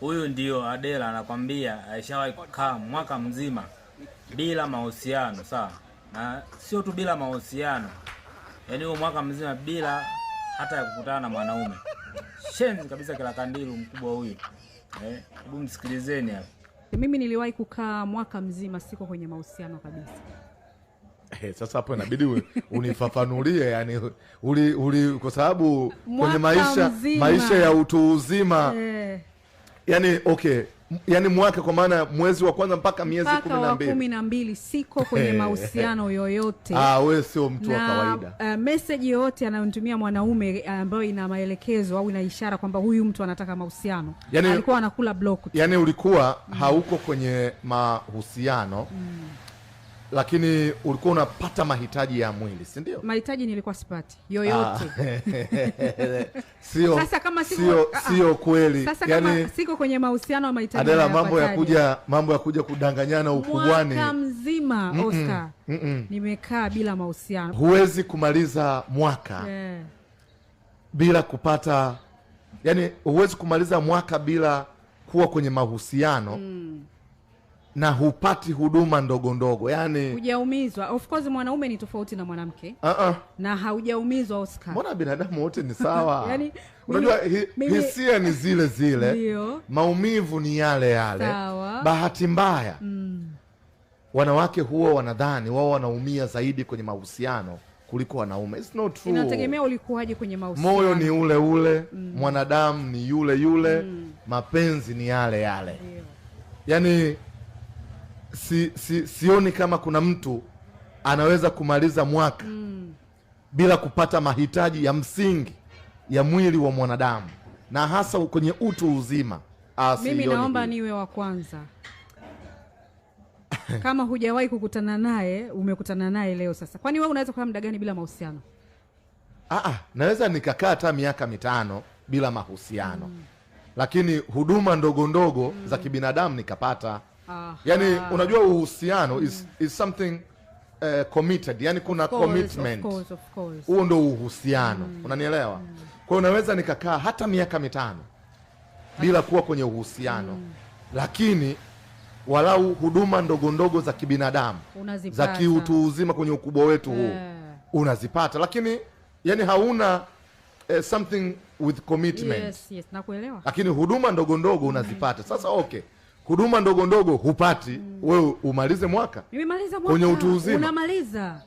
Huyu ndio Adela anakwambia aishawahi kukaa mwaka mzima bila mahusiano sawa, na sio tu bila mahusiano, yaani huo mwaka mzima bila hata ya kukutana na mwanaume. Shenzi kabisa, kila kandilu mkubwa huyu. Eh? Hebu eh, msikilizeni hapa. Mimi niliwahi kukaa mwaka mzima siko kwenye mahusiano kabisa. He, eh, sasa hapo inabidi unifafanulie yani, uli, uli, kwa sababu kwenye maisha mzima, maisha ya utu uzima eh yani okay yani mwaka kwa maana mwezi wa kwanza mpaka miezi kumi na mbili siko kwenye mahusiano yoyote. Ah, wewe sio mtu wa kawaida. Uh, eh, meseji yoyote anayonitumia mwanaume eh, ambayo uh, ina maelekezo au ina ishara kwamba huyu mtu anataka mahusiano yani, alikuwa anakula block. Yani ulikuwa mm. hauko kwenye mahusiano mm lakini ulikuwa unapata mahitaji ya mwili si ndio? Mahitaji nilikuwa sipati yoyote ah. sio, sasa kama siko, sio, ah, ah. kweli sasa yani, siko kwenye mahusiano ya mahitaji Adela, mambo ya kuja mambo ya kuja kudanganyana ukubwani mwaka mzima mm -mm, Oscar mm -mm. nimekaa bila mahusiano. Huwezi kumaliza mwaka yeah. bila kupata yani, huwezi kumaliza mwaka bila kuwa kwenye mahusiano mm na hupati huduma ndogo ndogo, yani hujaumizwa. Of course mwanaume ni tofauti na mwanamke uh -uh. na haujaumizwa Oscar. Mbona binadamu wote ni sawa yani, unajua hi, hisia ni zile zile Dio. maumivu ni yale yale sawa. bahati mbaya mm. wanawake huwa wanadhani wao wanaumia zaidi kwenye mahusiano kuliko wanaume. It's not true. Inategemea ulikuwaje kwenye mahusiano. Moyo ni ule ule mm. mwanadamu ni yule yule mm. mapenzi ni yale yale Dio. yani si, si, sioni kama kuna mtu anaweza kumaliza mwaka mm. bila kupata mahitaji ya msingi ya mwili wa mwanadamu na hasa kwenye utu uzima. Ah, Mimi naomba niwe wa kwanza. Kama hujawahi kukutana naye, umekutana naye leo. Sasa kwani wewe unaweza kukaa muda gani bila mahusiano? ah, ah naweza nikakaa hata miaka mitano bila mahusiano mm. lakini huduma ndogo ndogo mm. za kibinadamu nikapata Aha. Yani unajua uhusiano is, is something uh, committed yani kuna of course, commitment huo ndo uhusiano mm. Unanielewa mm. Kwa hiyo unaweza nikakaa hata miaka mitano bila kuwa kwenye uhusiano mm. Lakini walau huduma ndogo ndogo za kibinadamu za kiutu uzima kwenye ukubwa wetu huu yeah. Unazipata lakini yani hauna uh, something with commitment yes, yes. Nakuelewa. Lakini huduma ndogo ndogo unazipata sasa okay huduma ndogo ndogo hupati, mm. wewe umalize mwaka, nimemaliza mwaka, kwenye utu uzima unamaliza